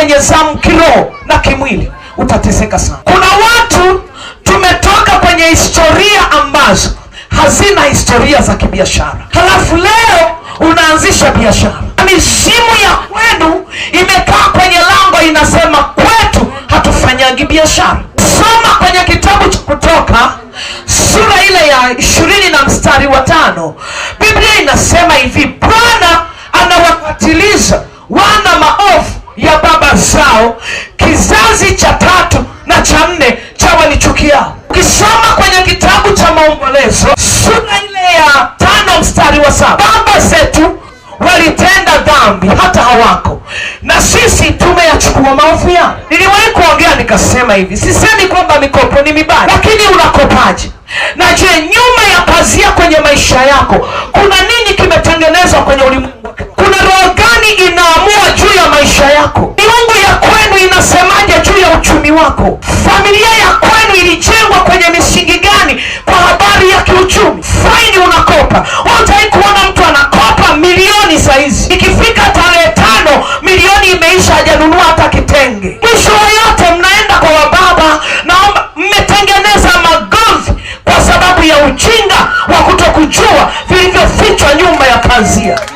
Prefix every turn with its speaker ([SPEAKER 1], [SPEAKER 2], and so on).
[SPEAKER 1] kwenye zamu kiroho na kimwili, utateseka sana. Kuna watu tumetoka kwenye historia ambazo hazina historia za kibiashara, halafu leo unaanzisha biashara. Mizimu ya kwenu imekaa kwenye lango, inasema kwetu hatufanyagi biashara. Soma kwenye kitabu cha Kutoka sura ile ya ishirini na mstari wa tano Biblia inasema hivi wazao, kizazi cha tatu na cha nne walichukia. Ukisoma kwenye kitabu cha Maombolezo sura ile ya tano mstari wa saba baba zetu walitenda dhambi hata hawako, na sisi tumeyachukua maovu yao. Niliwahi kuongea nikasema hivi, sisemi kwamba mikopo ni mibaya, lakini unakopaje? Na je, nyuma ya pazia kwenye maisha yako kuna nini kimetengenezwa kwenye ulimwengu? Kuna roho gani inaamua juu ya maisha yako? wako? Familia ya kwenu ilijengwa kwenye misingi gani kwa habari ya kiuchumi? Faini unakopa, hutaki kuona mtu anakopa milioni saizi, ikifika tarehe tano milioni imeisha, hajanunua hata kitenge. Mwisho yote mnaenda kwa wababa na mmetengeneza magomvi kwa sababu ya ujinga wa kutokujua vilivyofichwa nyuma ya pazia.